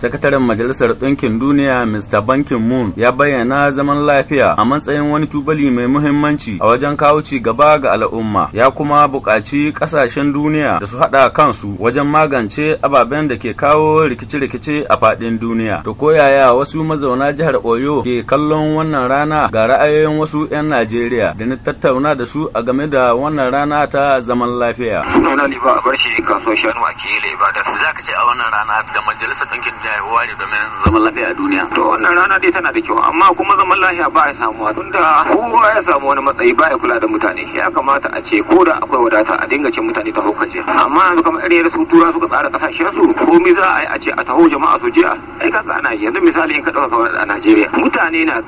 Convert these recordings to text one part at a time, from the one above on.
Sakataren Majalisar Ɗinkin Duniya Mr. Bankin Moon ya bayyana zaman lafiya a matsayin wani tubali mai muhimmanci a wajen kawo ci gaba ga al'umma. Ya kuma buƙaci ƙasashen duniya da su haɗa kansu wajen magance ababen da ke kawo rikice-rikice a faɗin duniya. To koyaya wasu mazauna jihar Oyo ke kallon wannan rana ga ra'ayoyin wasu 'yan Najeriya da na tattauna da su a game da wannan rana ta zaman lafiya. Sunana ne ba a bar shi kasuwar shanu a Kele ba da za ka ce a wannan rana da Majalisar Ɗinkin Duniya Allah ya domin zaman lafiya a duniya to wannan rana dai tana da kyau amma kuma zaman lafiya ba ya samuwa tun da kowa ya samu wani matsayi ba ya kula da mutane ya kamata a ce ko da akwai wadata a dinga cin mutane ta hukace amma yanzu kamar irin su tura suka tsara kasashen su komai za a yi a ce a taho jama'a su jiya ai yanzu misali in ka kamar a Najeriya mutane na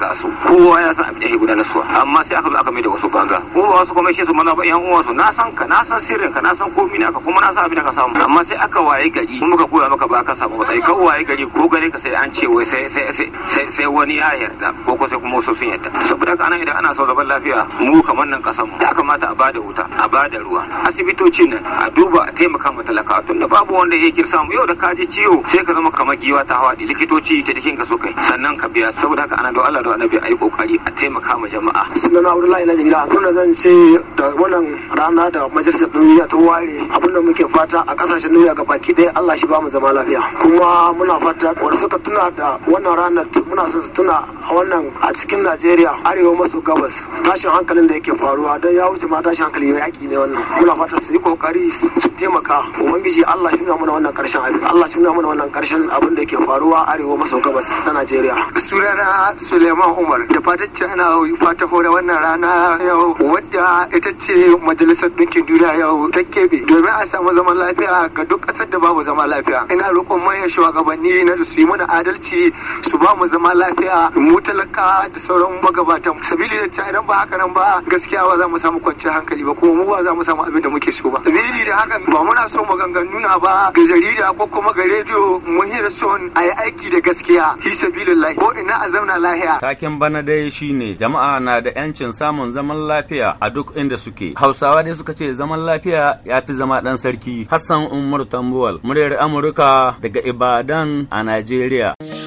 kowa ya san abin da amma sai aka zo aka wasu banga kuma shi su ba yan na san ka na san sirrin ka na san kuma na san abin da ka samu amma sai aka waye gari kuma ka koya maka ba ka samu matsayi waye gari ko gare ka sai an ce wai sai sai sai wani ya yarda ko ko sai kuma wasu sun yarda saboda haka ana idan ana so zaman lafiya mu kamar nan kasan mu ya kamata a bada wuta a bada ruwa asibitoci nan a duba a taimaka ma talaka tunda babu wanda yake samu yau da ka ji ciwo sai ka zama kamar giwa ta hawa likitoci ta dikin ka so kai sannan ka biya saboda haka ana da Allah da Annabi ayi kokari a taimaka ma jama'a sunan Abdullahi na Jamila abin zan ce da wannan rana da majalisar duniya ta ware abinda muke fata a kasashen duniya ga baki ɗaya Allah shi ba mu zama lafiya kuma muna fata wani suka tuna da wannan ranar muna son su tuna a wannan a cikin najeriya arewa maso gabas tashin hankalin da yake faruwa don ya wuce ma tashin hankali yaki ne wannan muna fata su yi kokari su taimaka ubangiji allah shi nuna wannan karshen abin allah shi nuna wannan karshen abin da yake faruwa arewa maso gabas na najeriya sunana suleiman umar da ce ana fata hore wannan rana yau wadda ita ce majalisar ɗinkin duniya yau ta keɓe domin a samu zaman lafiya ga duk ƙasar da babu zaman lafiya ina roƙon manyan shugabanni yi na su yi mana adalci su ba mu zama lafiya mu talaka da sauran magabatan sabili da ta idan ba haka nan ba gaskiya ba za mu samu kwanciyar hankali ba kuma mu ba za mu samu abin da muke so ba sabili da haka ba muna so maganganu na ba ga jarida ko kuma ga rediyo mun hira son a yi aiki da gaskiya fi ko ina a zauna lahiya taken bana dai shine jama'a na da yancin samun zaman lafiya a duk inda suke hausawa dai suka ce zaman lafiya ya fi zama dan sarki hassan umar tambuwal muryar amurka daga ibadan a Najeriya.